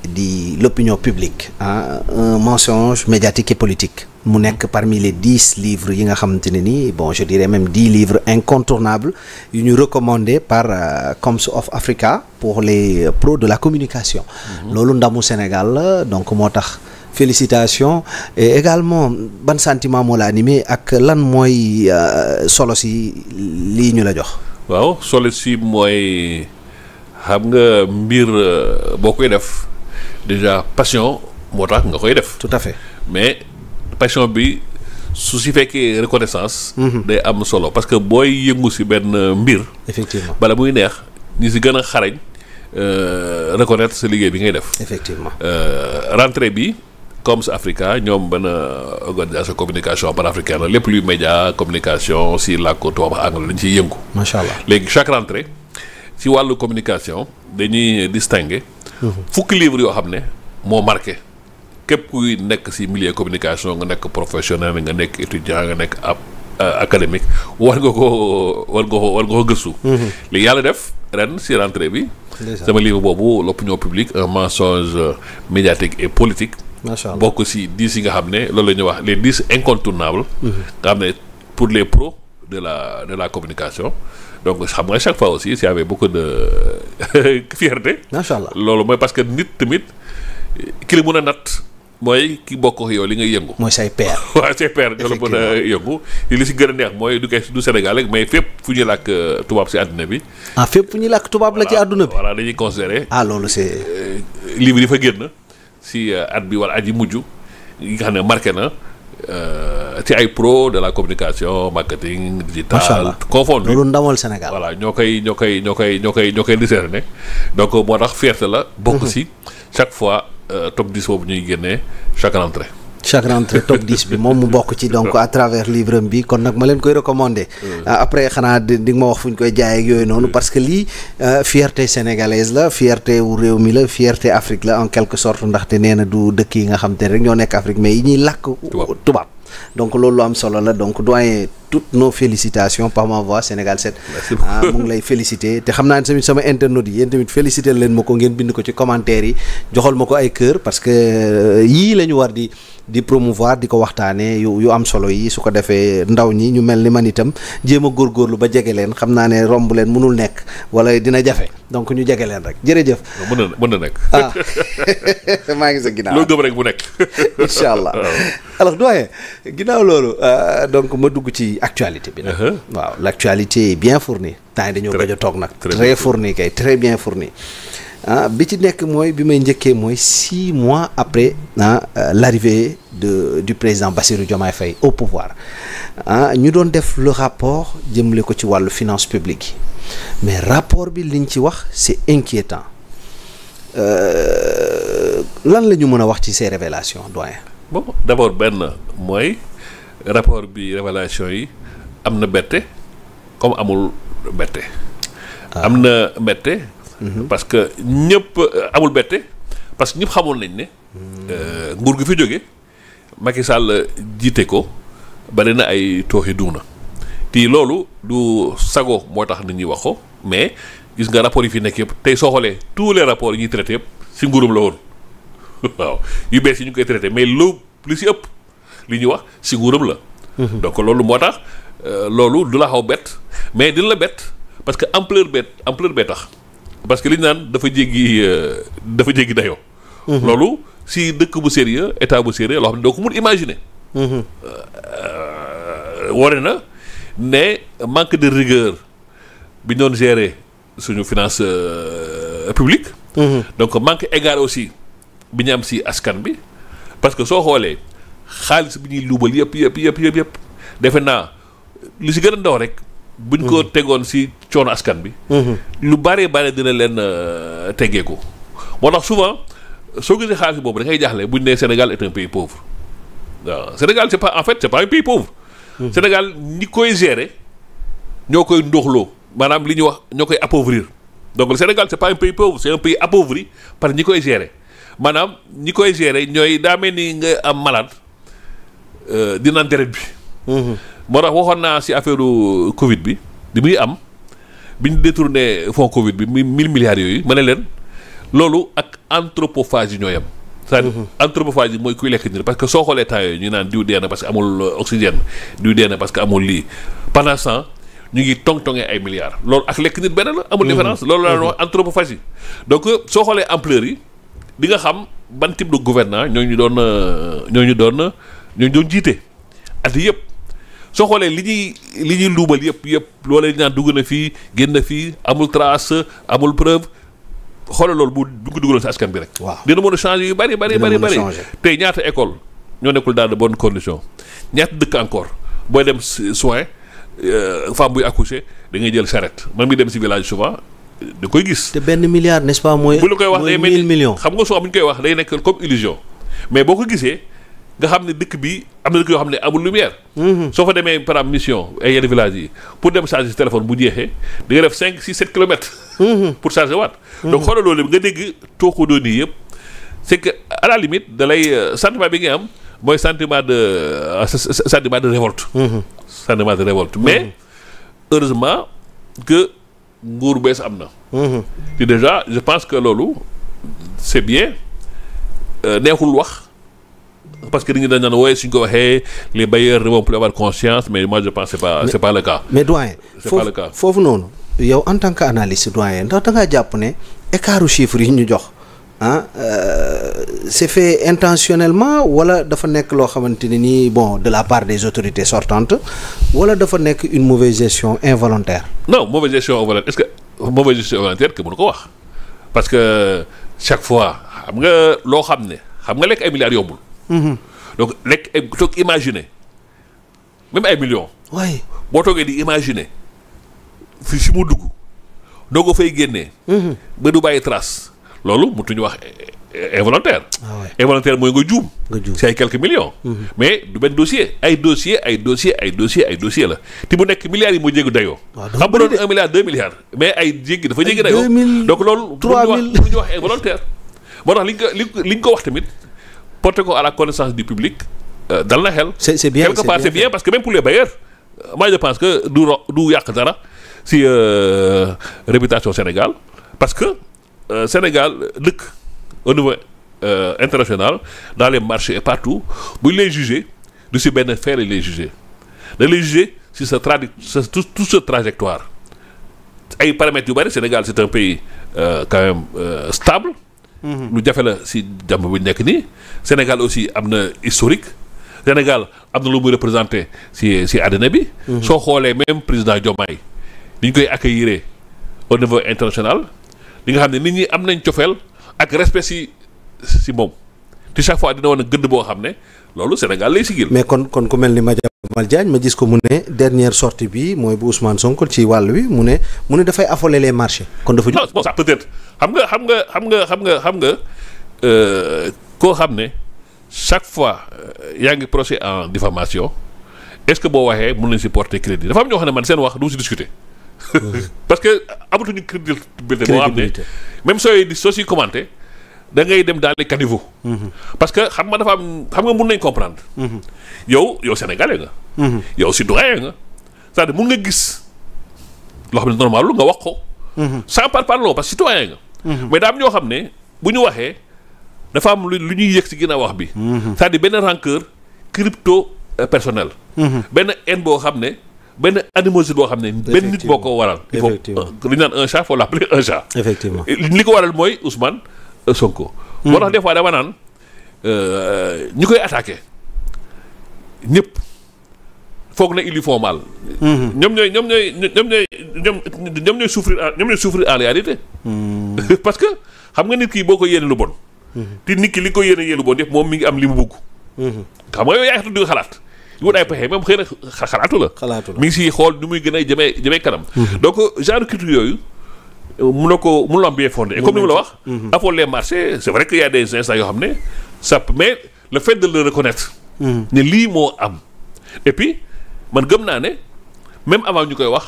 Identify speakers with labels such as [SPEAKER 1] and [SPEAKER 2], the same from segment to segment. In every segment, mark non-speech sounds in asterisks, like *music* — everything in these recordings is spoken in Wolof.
[SPEAKER 1] di l'opinion publique ah un mensonge médiatique et politique mu nekk parmi les dix livres yi nga xamante ne ni bon je dirais même dix livres incontournables yu ñu recommandé par euh, comme of Africa pour les euh, pros de la communication mhm. loolu ndamu Sénégal donc moo tax félicitation et également ban sentiment moo la animé ak lan mooy euh, solo si lii ñu la jox
[SPEAKER 2] waaw solo si mooy xam nga mbir boo koy def déjà passion moo tax nga koy def. tout à fait mais passion bi su si fekkee reconnaissance. Mhm. day am solo parce que booy yëngu si benn mbir. effectivement bala muy neex ñi si gën a xarañ euh, reconnaître sa liggéey bi ngay def. effectivement euh, rentrée bi. comme sa Africa ñoom benn euh, organisation communication panafricaine lépp luy média communication si làkku tubaab anglais dañ ciy yëngu. macha allah léegi chaque rentrée ci wàllu communication dañuy distinguer. fukki livre yoo xam ne moo marqué képp kuy nekk si milieu communication nga nekk professionnel nga nekk étudiant nga nekk ab euh, académique war nga ko war nga ko war nga ko gëstu mhm. li yàlla def ren si rentrée bi sama livre boobu l'opinion publique un mensonge euh, médiatique et politique macha allah bokk si dix yi nga xam ne loolu la ñuy wax les dix incontournables. Mhm. nga xam ne pour les pro de la de la communication. donc xam nga chaque fois aussi il y avait beaucoup de *laughs* fierté. loolu mooy parce que nit tamit ki la mën a natt. mooy ki bokk yow li ngay yëngu. mooy say père. *laughs* waaw say père nga la mën a yëngu. li si gën a neex mooy du kay du Sénégal rek mais fépp fu ñuy làkk euh, tubaab si àdduna bi.
[SPEAKER 1] ah fépp fu ñuy làkk tubaab la ci
[SPEAKER 2] àdduna bi. voilà dañuy considéré.
[SPEAKER 1] ah loolu c'est. Euh,
[SPEAKER 2] lii bi fa génn si euh, at bi wala at yi mujj yi nga xam ne marqué na. Euh, ci ay pro de la communication marketing digital confond loolu
[SPEAKER 1] ndamal Sénégal
[SPEAKER 2] voilà ñoo koy ñoo koy ñoo koy ñoo koy ñoo koy discerner donc moo tax fierté la bokk mhm. si chaque fois euh, top 10 boobu ñuy génnee chaque rentrée
[SPEAKER 1] chaque rentrée top 10 bi moom mu bokk ci donc à travers livre bi kon nag ma leen koy recommander. Ah, après xanaa di ma wax fu ñu koy jaayee ak yooyu noonu parce que lii euh, fierte sénégalaise la fierté wu réew mi la fierté Afrique la en quelque sorte ndaxte nee na du dëkk yi nga xam te ne rek ñoo nekk Afrique mais yi ñuy làkk tubaab donc loolu lu am solo la donc doyen toutes nos félicitations par ma voix Sénégal 7. Ah, mu ngi lay féliciter te xam naa tamit sama internautes yi yéen tamit féliciter leen ma ko ngeen bind ko ci commentaire yi joxal ma ko ay cœur parce que euh, yii la ñu war di di promouvoir di ko waxtaanee yu yu am solo yi su ko defee ndaw ñi ñu mel ni man itam jéem a góorgóorlu ba jege leen xam naa ne romb leen mënul nekk wala dina jafe. donc ñu jege leen rek jërëjëf.
[SPEAKER 2] mën na mën na nekk. Ah. *laughs* maa ngi sa ginnaaw loo gëm rek bu nekk. *laughs* incha allah
[SPEAKER 1] *laughs* alors doyen ginnaaw loolu euh, donc ma dugg ci actualité bi nag. Uh-huh. waaw l' actualité est bien fournie. temps yi dañoo gëj toog nag. très fournie kay très bien fournie. ah bi ci nekk mooy bi may njëkkee mooy six mois après ah euh, l'arrivée de du président Bassirou Diomaye Faye au pouvoir ah ñu doon def lu rapport jëmale ko ci wàllu finance publique yi mais rapport bi li liñ ci wax c'est inquiétant euh, lan la ñu mën a wax ci ces révélations doyen
[SPEAKER 2] bon d'abord benn mooy rapport bi révélation yi am na bette comme amul bette ah. am na bette Mhm. parce que ñëpp euh, amul bette parce que ñëpp xamoon nañ ne. Euh, nguur gi fi jóge Macky Sall jiite ko bari na ay tooxi na te loolu du sago moo tax nit ñi wax ko mais gis nga rapport yi fi nekk yëpp tey soo xoolee tous les rapports yi ñuy traité yëpp si nguurum la woon *laughs* waaw yu bees yi ñu koy traité mais lu si ëpp li ñuy wax si nguurum la. Mhm. donc loolu moo tax euh, loolu du la xaw bett mais dina la bett parce que ampleur bett ampleur bee tax. parce que li naan dafa jéggi euh, dafa jéggi dayo mhm. loolu si dëkk bu sérieux état bu sérieux loo xam ne doo ko mun imaginer. Mhm. Euh, ware na ne manque de rigueur bi ñu doon gérer suñu finance euh, publique. Mhm. donc manque égard aussi bi ñu am si askan bi parce que soo xoolee xaalis bi ñuy luubal yëpp yëpp yëpp yëpp yëpp defe naa lu si gën a ndaw rek. buñ ko tegoon si coono askan bi. Mhm. lu bare bare dina leen euh, teggeeku. moo tax souvent soo gisee xaalis boobu da ngay jaaxle buñ nee Sénégal est un pays pauvre waaw Sénégal c'est pas en fait c'est pas mhm. ñi koy gérer ñoo koy ndoxloo maanaam li ñuy wax ñoo koy appauvrir donc Sénégal c'est pas un pays pauvre c'est un pays appauvri par koy gérer maanaam ñi koy gérer ñooy daa mel ni nga am malade euh, dina naan bi. Mhm. moo tax waxoon naa si affaire Covid bi bi muy am bi ñu détourné fonds Covid bi muy 1000 milliards yooyu ma ne leen loolu ak anthropophage yi ñoo yem. c'est-à-dire mhm. anthropophage yi mooy kuy lekk nit parce que soo xolee temps yooyu ñu naan diw dee na parce que amul oxygène diw dee na parce que amul lii pendant ce temps ñu ngi tong-tongee ay milliards loolu ak lekk nit benn la. amul mhm. différence loolu laa mhm. wax anthropophagie. donc soo xoolee ampleur yi di nga xam ban type de gouvernant ñoo ñu doon euh, ñoo ñu doon ñoo ñu doon jiite at yëpp. soo xoolee li ñuy li ñuy luubal yëpp yëpp loolee dinaan dugg na fii génn fii amul trace amul preuve xoolal loolu bu dugg duggaloon si askan bi rek. waaw dina mën a changer yu bari bari bari bari tey ñaata école ñoo nekkul daal de bonne condition ñaata dëkk encore boo dem soin euh, femme buy accoucher da ngay jël charrette man mi dem si village souvent.
[SPEAKER 1] da koy gis. te benn milliard nest pas mooy. bu koy
[SPEAKER 2] wax day mel ni millions. xam nga soo am ñu koy wax day nekk comme illusion mais boo ko gisee. nga xam ne dëkk bi am na dëkk yoo xam ne amul lumière. Mhm. soo fa demee par exemple mission ay yenn villages yi pour dem charger téléphone bu jeexee di nga def 5 6 7 kilomètres. Mhm. pour charger waat. Mhm. donc xoolal loolu nga dégg tooxu doon yi yëpp c' que à la limite da lay euh, bi nga am mooy sentiment de révolte. Euh, sentiment de révolte mais heureusement que nguur bees am na. te déjà je pense que loolu c' bien euh, neexul wax. parce que dañu dañ naan wooye suñ ko waxee les bailleurs vont plus avoir conscience mais moi je pense c'est pas le cas
[SPEAKER 1] mais doyen foofu noonu yow en tant que analyste doyen ndax da ngaa jàpp ne écartu chiffres yi ñu jox ah euh, c'est fait intentionnellement wala dafa nekk loo xamante ne nii bon de la part des autorités sortantes wala dafa nekk une mauvaise gestion involontaire
[SPEAKER 2] non mauvaise gestion involontaire est-ce que mauvaise gestion involontaire que ko wax parce que chaque fois xam nga loo xam ne xam nga lekk ay milliards Mhm. donc lekk eh, toog imaginer même ay million boo toogee di imaginer fi si mu dugg doo ko fay génnee. Mhm. ba du bàyyi trace loolu mëntuñu wax eh, involontaire. Ah involontaire mooy nga juum. nga juum si ay quelques millions. Mhm. mais du benn dossier ay dossier ay dossier ay dossier la te bu nekk milliards yi moo jéggi dayoo. xam nga doon un milliard deux milliards mais ay jéggi dafa jéggi dayoo. donc loolu. trois mille moo tax liñ ko liñ ko wax tamit. porter ko à la connaissance du public euh, dal na xel. c'est c'est bien quelque part c'est bien parce que même pour les bailleurs euh, moi je pense que du ro du yàq dara si euh, réputation Sénégal parce que Sénégal dëkk au niveau international dans les marchés et partout bu les lay juger du si benn fait les lay juger dañ lay juger si sa tradi sa tout tout trajectoire ay paramètres yu bëri Sénégal c'est un pays quand stable. lu jafe la si jàmm bu nekk nii Sénégal aussi am na historique Sénégal am na lu muy représenté si si àddina bi mhm. soo xoolee même président Diomaye ni ñu koy accueillir au niveau international li nga xam ne nit ñi am nañ cofeel ak respect si si moom te chaque fois dina woon a gëdd boo xam ne loolu Sénégal lay sigil
[SPEAKER 1] mais kon kon ku mel ni Mal Diagne ma gis ko mu ne dernière sortie bi mooy bu Ousmane Sonko ci wàll wi mu ne mu ne dafay affoler les marchés kon dafa. non
[SPEAKER 2] bon ça peut être xam nga xam nga xam nga xam nga xam nga euh, koo xam ne chaque fois euh, yaa ngi procès en diffamation est ce boo waxee mën nañ si porter crédit dafa am ñoo xam ne man seen wax du ma si discuter. *laughs* parce que amatuñu crédibilité boo xam ne même sooy soo siy commenté. da ngay dem dans les caniveaux. parce que xam nga dafa am xam nga mun nañ comprendre. yow yow sénégalais nga. yow citoyen nga c'est-à-dire mun nga gis loo xam ne normal lu nga wax ko. sans par parloo parce que citoyen nga. mais daam ñoo xam ne bu ñu waxee dafa am lu ñuy yëg si a wax bi. c'est-à-dire benn rancœur crypto euh, personnel. benn haine boo xam ne. benn animosité boo xam ne benn nit boo ko waral.
[SPEAKER 1] li
[SPEAKER 2] naan un chat faut l'appeler un chat. effectivement li ko waral mooy Ousmane. Sonko. moo tax des fois dama naan euh, ñi koy attaqué ñëpp foog na ils lui font mal. Mm-hmm. ñoom ñooy ñoom ñooy ñoom ñooy ñoom ñoom ñooy souffrir ñoom ñooy souffrir en réalité. Mm-hmm. *laughs* parce que xam nga nit kii boo ko yéene lu bon. Mm-hmm. te nit ki li ko yéene yéene lu bon yëpp moom mi ngi am li mu bugg. xam nga yow yaa ngi di xalaat. di wut ay pexe même xëy na xalaatu la. xalaatu la mi ngi siy xool nu muy gën a jëmee jëmee kanam. donc genre culture yooyu. mënoo ko mënuloo am bien fondé et comme ni ma la wax. Mhm. affaire les marchés c' vrai que y' a des instants yoo xam ne ça mais le fait de le reconnaître. Mhm. ne lii moo am. et puis man gëm naa ne même avant ñu koy wax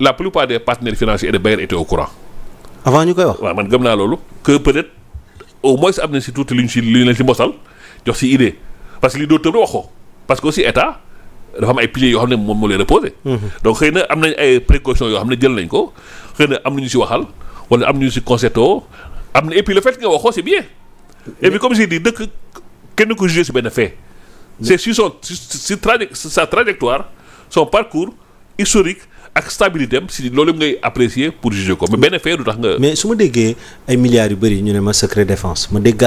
[SPEAKER 2] la plupart de partenaires financiers et des bailleurs étaient au courant. avant ñu koy wax waaw man gëm naa loolu. que peut-être au moins am na si tuuti luñ si luñ leen si mosal jox si idée parce que lii doo tëb que aussi état. dafa am ay piliers yoo xam ne moom moo lay reposé. Mhm. donc xëy am nañ ay précautions yoo ne jël nañ ko xëy na am nañu si waxal wala am nañu si concerto am na et puis le fait nga waxoo c'est bien et puis comme j'ai dit dëkk kenn ko jugé si benn fait c'est sur son si sa trajectoire son parcours historique ak stabilité am si loolu ngay apprécier pour juger ko mais benn fait du tax nga mais
[SPEAKER 1] su ma déggee ay milliards yu bëri ñu ne ma secret défense ma dégg